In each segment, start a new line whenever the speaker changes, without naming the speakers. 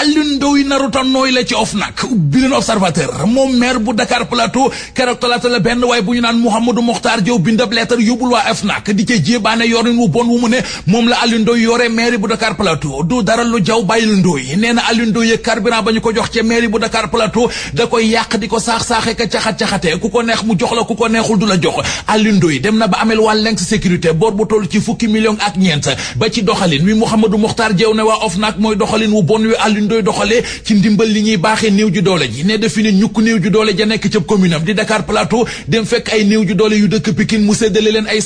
Alioune Ndoye naruta nooy la ci OFNAC bi leen observateur moom maire bu Dakar Plateau keroog talaata la benn waaye bu ñu naan Mouhamadou Mokhtar Diop bindab leetar yóbbul waa OFNAC di ca jéebaane yorin wu bon wu mu ne moom la Alioune Ndoye yore maire bu Dakar Plateau du dara lu jaw bàyyil Ndoye nee na Alioune Ndoye carburant ba ñu ko jox ca maire bu Dakar Plateau da koy yàq di ko saax-saaxe ka caxat-caxate ku ko neex mu jox la ku ko neexul du la jox Alioune Ndoye dem na ba amel waa Lynx sécurité bor bu toll ci fukki million ak ñeent ba ci doxalin wi Mouhamadou Mokhtar Diop ne waa OFNAC mooy doxalin wu bon yoon wi Alioune Ndoye doxalee ci ndimbal li ñuy baaxee néew ju doole ji ne dafi ne ñukk néew ju doole ja nekk ca commune di Dakar Plateau dem fekk ay néew ju doole yu dëkk Pikine mu séddale leen ay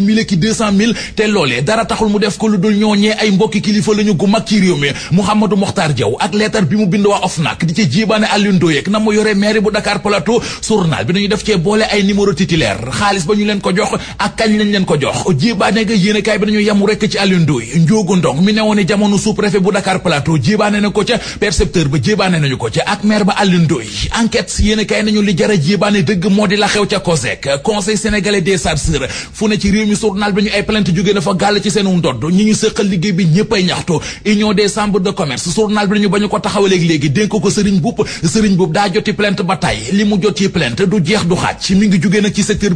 mille ak te loolee dara taxul mu def ko lu dul ñooñee ay mbokki kilifa la gu mag ci réew mi Mouhamadou Mokhtar Diaw ak lettre bi mu bind waa OFNAC di ci jiibaane Alioune ak na mu yore maire bu Dakar Plateau journal bi nañu def cee boole ay numéro titulaire xaalis jéebaane na ko ca percepteur ba jéebaane nañu ko ca ak maire ba Alioune Ndoye enquête yéen kay nañu li jara jéebaane dëgg moo di la xew ca COSEC conseil sénégalais des chargeurs fu ne ci réew mi journal bi ñu ay plainte jógee na fa gàll ci seen ndodd ñi ñu sëqal liggéey bi ñëpp ay ñaxtu union des chambres de commerce journal bi nañu ba ñu ko taxawaleeg léegi dénk ko sëriñ buub sëriñ buub daa joti plainte ba tay li mu jot ci plainte du jeex du xaaj mi ngi jógee nag ci secteur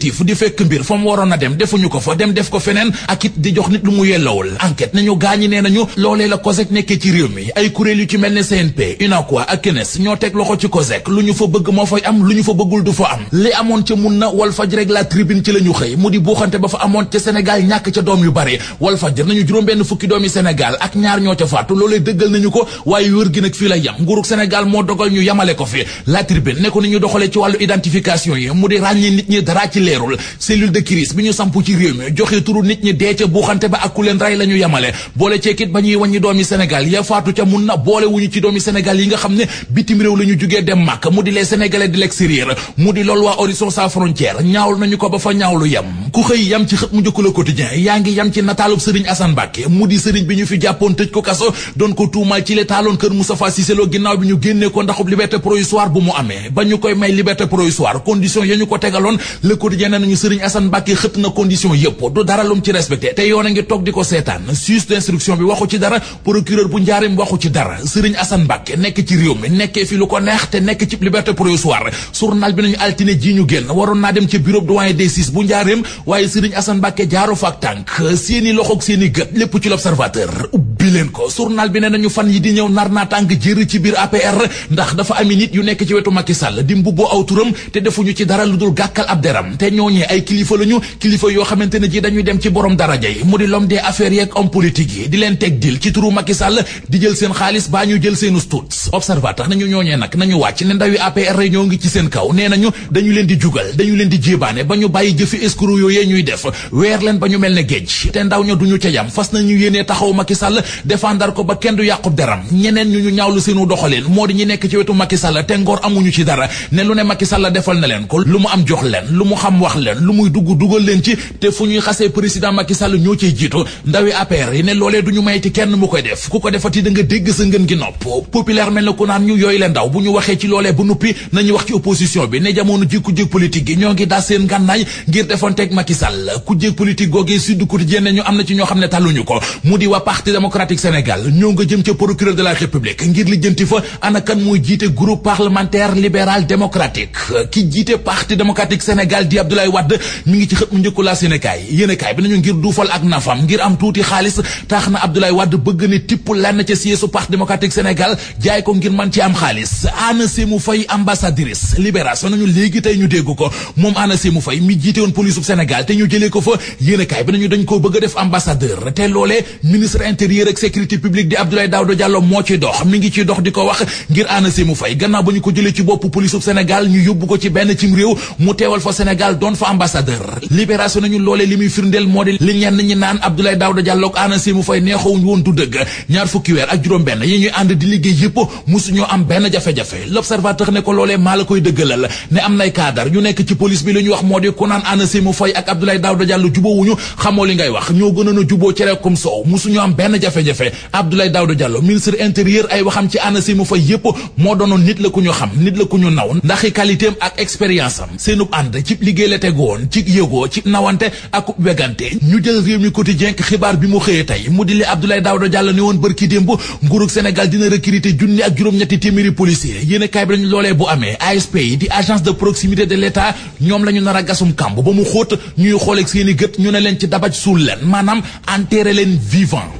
objectif di fekk mbir fa mu waroon a dem defuñu ko fa dem def ko feneen ak it di jox nit lu mu yellawul enquête nañu gaañi nee nañu loolee la nekkee ci réew mi ay kuréel yu ci mel ne CNP UNACOIS ak CNES ñoo teg loxo ci COSEC lu ñu fa bëgg moo fay am lu ñu fa bëggul du fa am li amoon ca mun na wal faj rek la tribune ci la ñu xëy mu di buuxante ba fa amoon ca Sénégal ñàkk ca doom yu bare wal faj nañu juróom-benn fukki doomi Sénégal ak ñaar ñoo ca faatu ko waaye wër gi nag fii la yam nguurug Sénégal moo dogal ñu yamale ko la tribune ne ko ni ñu doxalee leerul cellule de crise bi ñu samp ci réew mi joxe turu nit ñi dee ca buuxante ba ak ku leen rey la ñu boole ceekit ba ñuy wàññi doomi Sénégal ya faatu ca mun na boole wuñu ci doomi Sénégal yi nga xam ne bitim réew la ñu dem màkk mu di les Sénégalais de l'extérieur mu di loolu waa Horizon sans frontière ñaawul nañu ko ba fa ñaawlu yem ku xëy yam ci xët mu njëkk Le Quotidien yaa ko kaso doon ko tuumal ci le taaloon kër Moustapha Cissé Lo ginnaaw bi quotidien nee nañu Serigne Assane Mbacké xët na condition yëpp du dara lum ci respecté te yoon a ngi toog di ko seetaan juge d'instruction bi waxu ci dara procureur bu njaarim waxu ci dara Serigne Assane Mbacké nekk ci réew mi nekkee fii lu ko neex te nekk ci liberté provisoire journal bi nañu altine ji ñu génn waroon naa dem ci bureau doyen des six bu njaarim waaye Serigne Assane Mbacké jaaru faak tànk seeni loxoog seeni gët lépp ci l'observateur ubbi leen ko journal bi nee nañu fan yi di ñew nar naa tàng ci bir APR ndax dafa am nit yu nekk ci wetu Macky Sall di mbubboo aw turam te ñu ci dara luddul gakkal gàkkal ab deram te ñoñi ay kilifa lañu kilifa yo xamantene ji dañuy dem ci borom daraja jey mudi lom des affaires yek homme politique yi di len tek dil ci turu Macky Sall di jël seen xaaliss ba ñu jël seen stuut observateur nañu ñoñe nak nañu wacc ne ndawi APR ñoo ngi ci seen kaw nee nañu dañu len di juggal dañu len di jébané ba ñu bàyyi jëfi yo ye ñuy def wër len ba ñu te ndaw ñu duñu ca yam fas nañu yene taxaw Macky Sall défendar ko ba kenn du yàqub deram ñeneen ñu ñu ñaawlu seenu doxalin moo di ñi nekk ci wetu Macky Sall te ngor amuñu ci dara ne lu ne Macky Sall defal na leen ko lu mu am jox leen lu mu xam wax leen lu muy dugg dugal leen ci te fu ñuy xasee président Macky Sall ñoo ciy jiitu ndawi APR yi ne loolee duñu may ci kenn mu koy def ku ko defati da nga dégg sa ngën gi nopp populaire mel na ku naan ñu yooyu leen daw bu mudi waxee ci bu nuppi nañu wax ci opposition bi ne jamono politique gi ñoo ngi seen ngir Macky Sall ku politique ñu ci ko parti démocratique démocratique Sénégal ñoo nga jëm ca procureur de la république ngir lijjanti fa ana kan mooy jiite groupe parlementaire libéral démocratique ki jiite parti démocratique Sénégal di Abdoulaye Wade mi ngi ci xët mu njëkku la Sénégal yéenekaay bi nañu ngir duufal ak nafam ngir am tuuti xaalis tax na Abdoulaye Wade bëgg ne tipp lenn ca siège su parti démocratique Sénégal jaay ko ngir man ci am xaalis Anna Sémou Faye ambassadrice libération nañu léegi tey ñu dégg ko moom Anna Sémou Faye mi jiite woon police bu Sénégal te ñu ko fa bi a def ambassadeur te loolee ministre intérieur ëllëg sécurité publique di Abdoulaye Daouda Diallo moo ci dox mi ngi ci dox di ko wax ngir ana si mu fay ba ñu ko jëlee ci ñu yóbbu li muy firndeel moo di li ñenn ñi naan Abdoulaye Daouda Diallo ak ana si mu fay neexawuñ woon du dëgg ñaar fukki weer ak juróom benn yi ñuy ànd di liggéey yëpp musuñoo am benn jafe-jafe l'observateur ne ko loolee maa la koy dëggalal ne am nay cadre ñu nekk ci police bi li ñu wax moo di ku naan ana si mu fay ak Abdoulaye Daouda xamoo li ngay wax ñoo gënoon a juboo cere comme soow musuñoo am benn jafe jafe-jafe Abdoulaye Daouda Diallo ministre intérieur ay waxam ci ANACIM mu fa yëpp moo doonoon nit la ku ñu xam nit la ku ñu naw ndax qualité am ak expérience am seenub ànd ci liggéey la tegu ci yëgoo ci nawante ak wegante ñu jël réew mi quotidien xibaar bi mu xëyee tey mu di li Abdoulaye Daouda Diallo ne woon bërki démb nguurug Sénégal dina recruter junni ak juróom-ñetti téeméeri policier yéen a kaay bi lañ loolee bu amee ASP yi di agence de proximité de l'État ñoom la ñu nar a gasum kàmb ba mu xóot ñuy xooleeg seen i gët ñu ne leen ci dabaj suul leen maanaam enterré leen vivant